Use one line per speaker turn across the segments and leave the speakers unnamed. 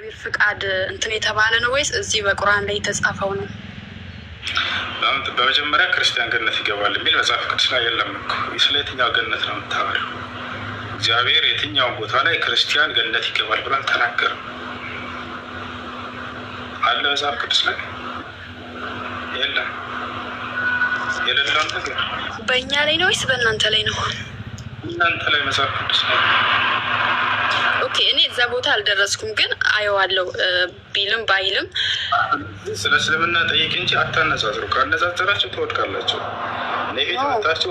እግዚአብሔር ፍቃድ እንትን የተባለ ነው ወይስ እዚህ በቁርአን ላይ የተጻፈው ነው?
በመጀመሪያ ክርስቲያን ገነት ይገባል የሚል መጽሐፍ ቅዱስ ላይ የለም። ስለ የትኛው ገነት ነው የምታወሪው? እግዚአብሔር የትኛውን ቦታ ላይ ክርስቲያን ገነት ይገባል ብሎ አልተናገርም። አለ መጽሐፍ ቅዱስ ላይ የለም። የሌለውን ነገር
በእኛ ላይ ነው ወይስ በእናንተ ላይ ነው?
እናንተ ላይ መጽሐፍ ቅዱስ ላይ
ኦኬ እኔ እዛ ቦታ አልደረስኩም፣ ግን አየዋለው ቢልም ባይልም
ስለ እስልምና ጠይቅ እንጂ አታነጻጽሩ። ከአነጻጸራችሁ ትወድቃላችሁ። ኔጌት መታችሁ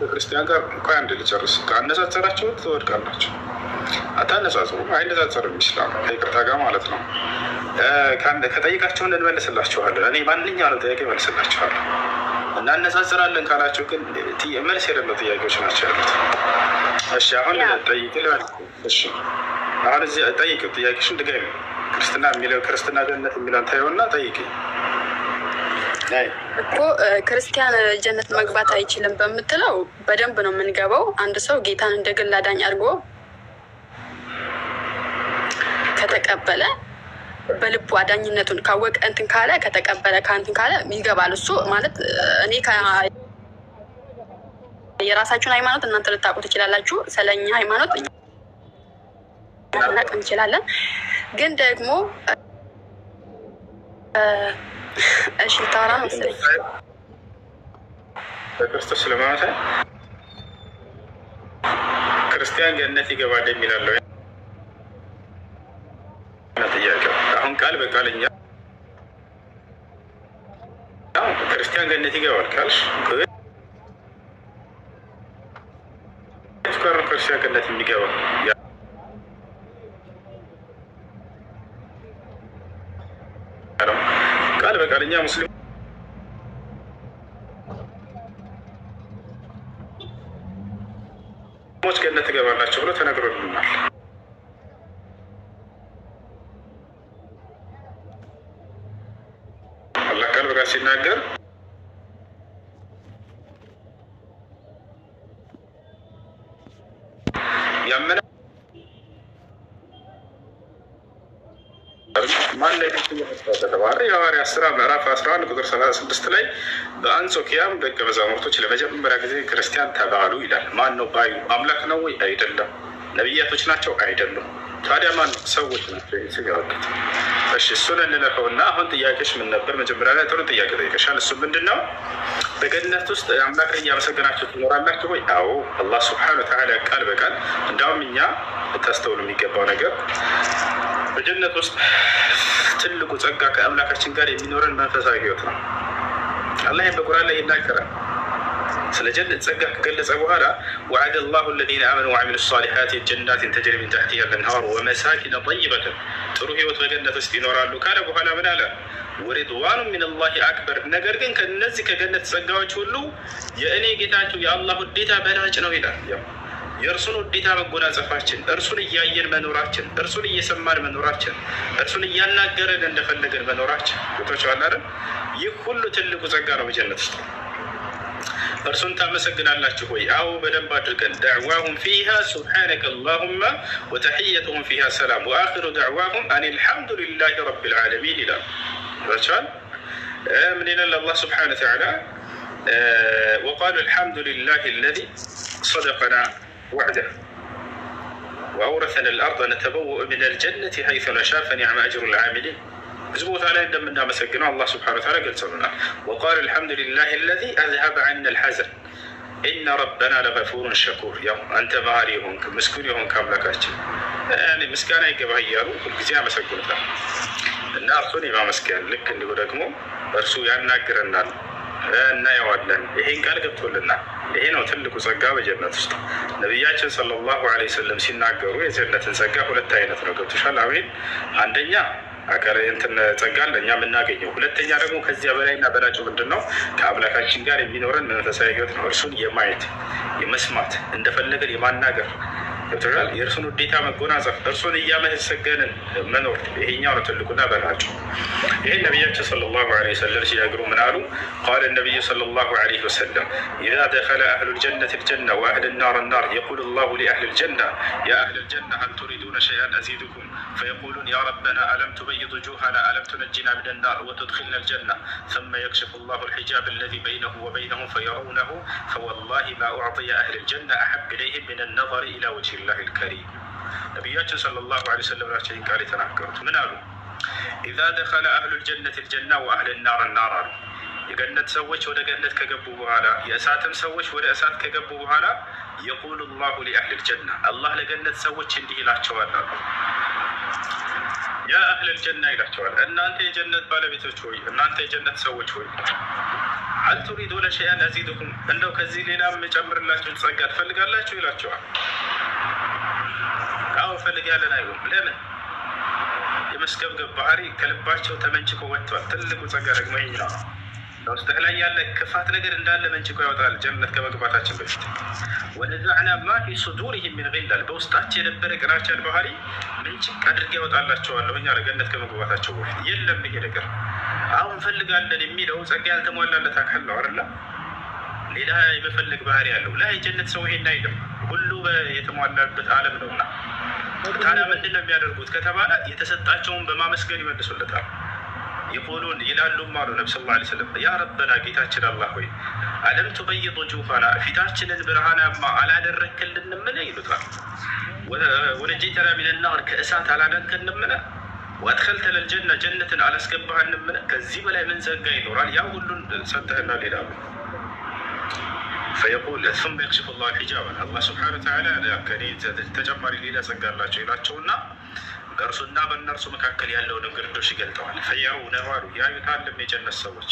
ከክርስቲያን ጋር እንኳን አንድ ልጨርስ። ከአነጻጸራችሁ ትወድቃላችሁ። አታነጻጽሩ። አይነጻጸርም ኢስላም ከይቅርታ ጋር ማለት ነው። ከጠይቃችሁን እንመልስላችኋለን። እኔ ማንኛው ነው ጥያቄ መልስላችኋለሁ። እናነጻጽራለን ካላቸው ግን መልስ የሌለው ጥያቄዎች ናቸው ያሉት። እሺ አሁን ጠይቅ ልበል። እሺ አሁን እዚህ ጠይቅ፣ ጥያቄሽን ድጋሚ ክርስትና የሚለው ክርስትና ጀነት የሚለውን ታየውና ጠይቅ
እኮ ክርስቲያን ጀነት መግባት አይችልም በምትለው በደንብ ነው የምንገባው። አንድ ሰው ጌታን እንደ ግል አዳኝ አድርጎ ከተቀበለ በልቡ አዳኝነቱን ካወቀ እንትን ካለ ከተቀበለ ከእንትን ካለ ይገባል። እሱ ማለት እኔ የራሳችሁን ሃይማኖት እናንተ ልታውቁ ትችላላችሁ። ስለኛ ሃይማኖት እናቅ እንችላለን። ግን ደግሞ እሺ ታወራ መሰለኝ
በክርስቶስ ለማመሰ ክርስቲያን ገነት ይገባል የሚላለው ቃል በቃል እኛ ክርስቲያን ገነት ይገባል ካልሽ ጋር ክርስቲያን ገነት የሚገባ ቃል በቃል እኛ ሙስሊም ገነት ትገባላቸው ብሎ ተነግሮልናል። ሲናገር ያመነ ማን ላይ ስራ ምዕራፍ 11 ቁጥር 36 ላይ በአንጾኪያም ደቀ መዛሙርቶች ለመጀመሪያ ጊዜ ክርስቲያን ተባሉ ይላል። ማን ነው ባዩ? አምላክ ነው ወይ? አይደለም። ነቢያቶች ናቸው? አይደሉም። ታዲያ ማን? ሰዎች ናቸው። እሺ እሱን እንለፈው እና አሁን ጥያቄሽ ምን ነበር? መጀመሪያ ላይ ጥሩ ጥያቄ ጠይቀሻል። እሱ ምንድን ነው? በገነት ውስጥ አምላክ እያመሰገናችሁ ትኖራላችሁ ወይ? አዎ አላህ ስብሐነ ወተዓላ ቃል በቃል እንዳውም እኛ ልታስተውሉ የሚገባው ነገር በጀነት ውስጥ ትልቁ ጸጋ ከአምላካችን ጋር የሚኖረን መንፈሳዊ ህይወት ነው። አላህ በቁርአን ላይ ይናገራል። ስለ ጀነት ጸጋ ከገለጸ በኋላ ወዐደ ላሁ ለዚነ አመኑ ወዐሚሉ ሷሊሓት ጀናትን ተጅሪ ሚን ተሕቲሃ አልአንሃር ወመሳኪነ ጠይበተን ጥሩ ህይወት በገነት ውስጥ ይኖራሉ ካለ በኋላ ምን አለ? ወሪድዋኑ ሚንላሂ አክበር። ነገር ግን ከነዚህ ከገነት ጸጋዎች ሁሉ የእኔ ጌታቸው የአላህ ውዴታ በላጭ ነው ይላል። የእርሱን ውዴታ መጎናጸፋችን፣ እርሱን እያየን መኖራችን፣ እርሱን እየሰማን መኖራችን፣ እርሱን እያናገረን እንደፈለገን መኖራችን ቦቶች አላለን። ይህ ሁሉ ትልቁ ጸጋ ነው በጀነት ውስጥ እርሱን ታመሰግናላችሁ ወይ? አዎ በደንብ አድርገን። ዳዕዋሁም ፊሃ ሱብሓነከ አላሁማ ወተሕየቱሁም ፊሃ ሰላም ወአኪሩ ዳዕዋሁም አን ልሐምዱልላህ ረቢል ዓለሚን ይላል። ቸዋል ምን ይላል አላህ ስብሓነ ወተዓላ ወቃሉ አልሐምዱሊላህ አለዚ ሰደቀና ወዕደህ ወአውረሰና አልአርض ነተበወእ ምን አልጀነቲ ሐይሱ ነሻ ፈኒዕመ አጅሩ ልዓሚሊን ብዙ ቦታ ላይ እንደምናመሰግነው አላህ ስብሐነሁ ወተዓላ ገልጸውናል። ወቃል አልሐምዱሊላሂ ለዚ አዝሀበ ዐና አልሐዘን ኢነ ረበና ለገፉሩን ሸኩር። ያው አንተ ባህሪ የሆንክ ምስጉን የሆንክ አምላካችን ምስጋና ይገባህ እያሉ ሁልጊዜ ያመሰግኑታል እና እርሱን የማመስገን ልክ እንዲሁ ደግሞ እርሱ ያናግረናል፣ እናየዋለን። ይሄን ቃል ገብቶልናል። ይሄ ነው ትልቁ ጸጋ በጀነት ውስጥ ነቢያችን ሰለላሁ ዐለይሂ ወሰለም ሲናገሩ የጀነትን ጸጋ ሁለት አይነት ነው። ገብቶሻል? አሜን። አንደኛ አገር እንትን ጸጋል እኛ የምናገኘው። ሁለተኛ ደግሞ ከዚያ በላይና በላጩ ምንድን ነው? ከአምላካችን ጋር የሚኖረን መንፈሳዊ ህይወት ነው። እርሱን የማየት የመስማት እንደፈለገን የማናገር ገብቶሻል። የእርሱን ውዴታ መጎናጸፍ፣ እርሱን እያመሰገንን መኖር ይሄኛው ነው ትልቁና በላቸው። ይህን ነቢያችን ሰለላሁ ዐለይሂ ወሰለም ሲነግሩ ምን አሉ? ቃለ ነቢዩ ሰለላሁ ዐለይሂ ወሰለም ኢዛ ደኸለ አህሉ ልጀነት ልጀና ወአህል ናር ናር የቁል ላሁ ሊአህል ልጀና ያ አህል ልጀና ሀል ቱሪዱነ ሸይአን አዚድኩም فيقولون يا ربنا ألم تبيض وجوهنا ألم تنجنا من النار وتدخلنا الجنة ثم يكشف الله الحجاب الذي بينه وبينهم فيرونه فوالله ما أعطي أهل الجنة أحب إليهم من النظر إلى وجه ረሱሊላህ ልከሪም ነቢያችን ሰለላሁ ዐለይሂ ወሰለም ናቸው ቃል የተናገሩት። ምን አሉ? ኢዛ ደኸለ አህሉ ልጀነት ልጀና ወአህል ናር ናር አሉ። የገነት ሰዎች ወደ ገነት ከገቡ በኋላ የእሳትም ሰዎች ወደ እሳት ከገቡ በኋላ የቁሉ ላሁ ሊአህል ልጀና አላህ ለገነት ሰዎች እንዲህ ይላቸዋል አሉ ያ አህለል ጀና ይላቸዋል። እናንተ የጀነት ባለቤቶች ሆይ፣ እናንተ የጀነት ሰዎች ሆይ አል ቱሪዱነ ሸይአን አዚድኩም፣ እንደው ከዚህ ሌላ የምጨምርላችሁ ጸጋ ትፈልጋላችሁ ይላቸዋል። እንፈልጋለን አይሆንም። ለምን የመስገብገብ ባህሪ ከልባቸው ተመንጭቆ ወጥቷል። ትልቁ ጸጋ ደግሞ ይኛው ውስጥህ ላይ ያለ ክፋት ነገር እንዳለ መንጭቆ ያወጣል። ጀነት ከመግባታችን በፊት ወነዛዕና ማ ፊ ሱዱሪሂም ሚን ጊላል በውስጣቸው የነበረ ቅናቻን ባህሪ ምንጭቅ አድርጌ ያወጣላቸዋለሁ። እኛ ለገነት ከመግባታቸው በፊት የለም ይሄ ነገር አሁን እንፈልጋለን የሚለው ጸጋ ያልተሟላለት አካል ነው አይደለ? ሌላ የመፈለግ ባህሪ ያለው ላይ የጀነት ሰው ይሄን አይልም። ሁሉ የተሟላበት አለም ነውና ታዲያ ምንድን ነው የሚያደርጉት ከተባለ የተሰጣቸውን በማመስገን ይመልሱለታል። የቁሉን ይላሉም አሉ ነብ ስለ ላ ስለም ያ ረበና ጌታችን አላህ ሆይ አለም ቱበይጡ ጁፋና ፊታችንን ብርሃናማ አላደረክልንምነ ይሉታል። ወነጀይተና ሚንናር ከእሳት አላዳከልንምነ ወአድኸልተ ለልጀና ጀነትን አላስገባህንምነ ከዚህ በላይ ምን ዘጋ ይኖራል? ያ ሁሉን ሰጥተህናል ይላሉ። ፈየቁል ሱመ የክሽፍ ላሁ ሒጃብ አላህ ስብሓነ ወተዓላ ተጨማሪ ሌላ ጸጋላቸው ይላቸውና በእርሱና በእነርሱ መካከል ያለውን ግርዶሽ ይገልጠዋል። ፈየሩነሁ አሉ ያዩታል የጀነት ሰዎች።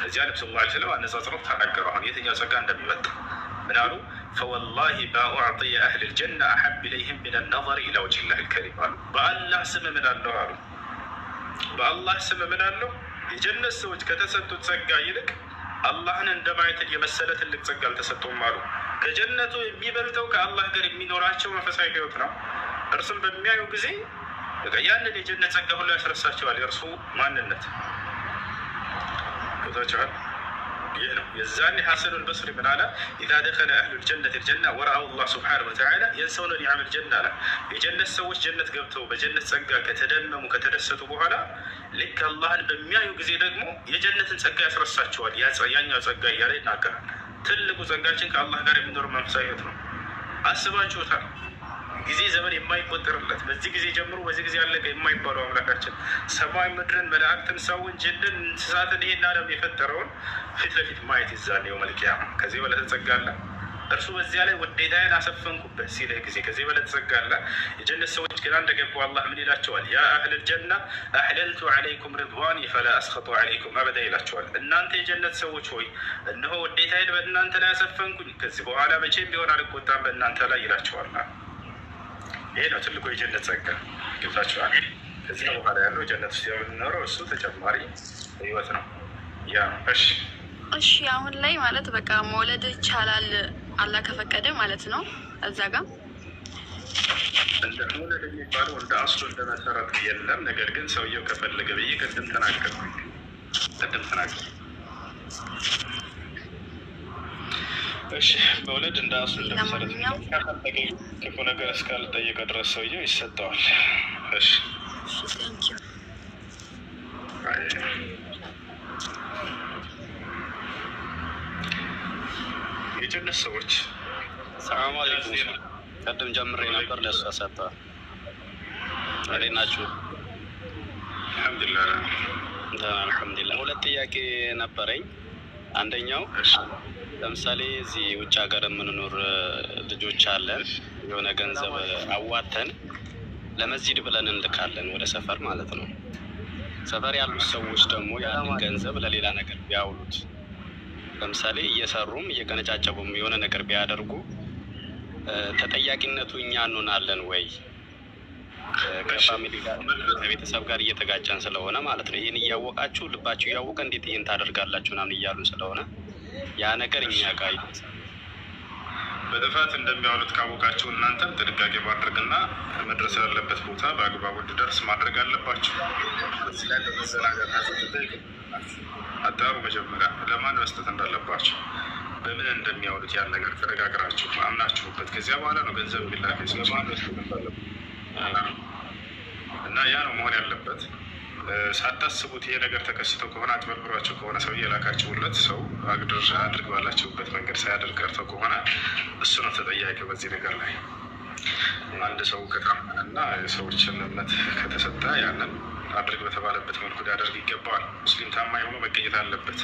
ከዚያ ነቢ ስለ ስለም አነጻጽረው ተናገሩ። አሁን የትኛው ጸጋ እንደሚበልጥ ምን ፈወላሂ ማ አዕጢየ አህል ልጀና አሐብ ኢለይህም ምን ነظር ኢላ ወጅላህ ልከሪም አሉ። በአላህ ስም ምን አለው አሉ። በአላህ ስም ምን አለው? የጀነት ሰዎች ከተሰጡት ጸጋ ይልቅ አላህን እንደ ማየት የመሰለ ትልቅ ጸጋ አልተሰጠውም አሉ። ከጀነቱ የሚበልጠው ከአላህ ጋር የሚኖራቸው መንፈሳዊ ህይወት ነው። እርሱም በሚያዩ ጊዜ ያንን የጀነት ጸጋ ሁሉ ያስረሳቸዋል። የእርሱ ማንነት ይህ ነው የዛኔ ሐሰኑል በስሪ ምን አለ? ኢዛ ደኸለ አህሉል ጀነት ልጀና ወረአው ላህ ስብሓነሁ ወተዓላ የንሰውነ ኒዓመል ጀና አለ። የጀነት ሰዎች ጀነት ገብተው በጀነት ጸጋ ከተደመሙ ከተደሰቱ በኋላ ልክ አላህን በሚያዩ ጊዜ ደግሞ የጀነትን ጸጋ ያስረሳቸዋል። ያኛው ጸጋ እያለ ይናገራል። ትልቁ ጸጋችን ከአላህ ጋር የሚኖር መንፈሳዊነት ነው። አስባችሁታል? ጊዜ ዘመን የማይቆጠርለት በዚህ ጊዜ ጀምሮ በዚህ ጊዜ አለቀ የማይባለው አምላካችን ሰማይ ምድርን፣ መላእክትን፣ ሰውን፣ ጅንን፣ እንስሳትን ይሄን ዓለም የፈጠረውን ፊት ለፊት ማየት ይዛል የው መልቅያ ከዚህ በላይ ተጸጋ እርሱ በዚያ ላይ ወዴታዬን አሰፈንኩበት ሲልህ ጊዜ ከዚህ በላይ ተጸጋ የጀነት ሰዎች ግራ እንደገቡ አላህ ምን ይላቸዋል? ያ አህለል ጀና አሕለልቱ ዓለይኩም ሪድዋኒ ፈላ አስኸጡ ዓለይኩም አበዳ ይላቸዋል። እናንተ የጀነት ሰዎች ሆይ እነሆ ወዴታዬን በእናንተ ላይ አሰፈንኩኝ፣ ከዚህ በኋላ መቼም ቢሆን አልቆጣም በእናንተ ላይ ይላቸዋል። ይሄ ነው ትልቁ የጀነት ጸጋ። ገብታችኋል? ከዚያ በኋላ ያለው ጀነት ውስጥ የምንኖረው እሱ ተጨማሪ ህይወት ነው። ያ እሺ፣
እሺ። አሁን ላይ ማለት በቃ መውለድ ይቻላል አላህ ከፈቀደ ማለት ነው። እዛ ጋር
እንደ መውለድ የሚባለው እንደ አስሉ እንደ መሰረቱ የለም። ነገር ግን ሰውየው ከፈለገ ብዬ ቅድም ተናገርኩኝ፣ ቅድም ተናገርኩኝ እሺ እንደ አሱ እንደመሰረት ክፉ ነገር እስካልጠየቀ ድረስ ሰውየው ይሰጠዋል። እሺ የጀነት ሰዎች
ሰላም አለይኩም። ቀድም ጀምሬ ነበር ለእሷ ሰጠ። እንዴት ናችሁ? አልሐምዱሊላህ ደህና አልሐምዱሊላህ። ሁለት ጥያቄ ነበረኝ። አንደኛው ለምሳሌ እዚህ ውጭ ሀገር የምንኖር ልጆች አለን። የሆነ ገንዘብ አዋተን ለመዚድ ብለን እንልካለን፣ ወደ ሰፈር ማለት ነው። ሰፈር ያሉት ሰዎች ደግሞ ያንን ገንዘብ ለሌላ ነገር ቢያውሉት፣ ለምሳሌ እየሰሩም እየቀነጫጨቡም የሆነ ነገር ቢያደርጉ ተጠያቂነቱ እኛ እንሆናለን ወይ? ከፋሚሊ ጋር ከቤተሰብ ጋር እየተጋጨን ስለሆነ ማለት ነው። ይህን እያወቃችሁ ልባችሁ እያወቀ እንዴት ይህን ታደርጋላችሁ ምናምን እያሉ ስለሆነ ያ ነገር እኛ ጋር
በጥፋት እንደሚያውሉት ካወቃችሁ እናንተም ጥንቃቄ ማድረግና መድረስ ያለበት ቦታ በአግባቡ እንዲደርስ ማድረግ አለባችሁ። አጣሩ መጀመሪያ ለማን መስጠት እንዳለባቸው በምን እንደሚያውሉት ያን ነገር ተነጋግራችሁ አምናችሁበት ከዚያ በኋላ ነው ገንዘብ የሚላከ ስለማን መስጠት እንዳለባቸው እና ያ ነው መሆን ያለበት። ሳታስቡት ይሄ ነገር ተከስቶ ከሆነ አጭበርብሯቸው ከሆነ ሰው የላካችሁለት ሰው አግድር አድርግ ባላችሁበት መንገድ ሳያደርግ ቀርተው ከሆነ እሱ ነው ተጠያቂ በዚህ ነገር ላይ። አንድ ሰው እና የሰዎችን እምነት ከተሰጠ ያንን አድርግ በተባለበት መልኩ ሊያደርግ ይገባዋል። ሙስሊም ታማኝ ሆኖ መገኘት አለበት።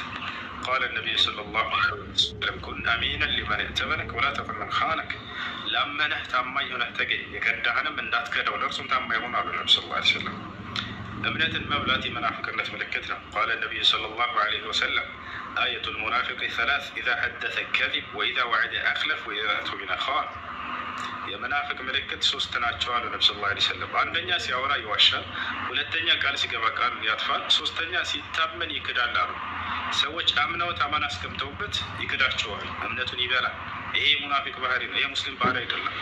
قال النبي صلى الله عليه وسلم كن امينا لمن ائتمنك ولا تكن من خانك لما نهت ما ينهتقي يكد عنا من ذات كذا ولرسمت عما يمون على النبي صلى الله عليه وسلم أمنة المولات من أحكمت ملكتنا قال النبي صلى الله عليه وسلم آية المنافق ثلاث إذا حدث كذب وإذا وعد أخلف وإذا أتوا من أخوان يا منافق ملكت سوستنا أتشوال النبي صلى الله عليه وسلم عن دنيا سيورا يوشل ولتنيا قال سيقبا قال يطفال سوستنيا سيتامن يكدال لارو ሰዎች አምነውት አማን አስቀምጠውበት ይክዳቸዋል፣ እምነቱን ይበላል። ይሄ ሙናፊቅ ባህሪ ነው። ይሄ ሙስሊም ባህሪ አይደለም።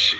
እሺ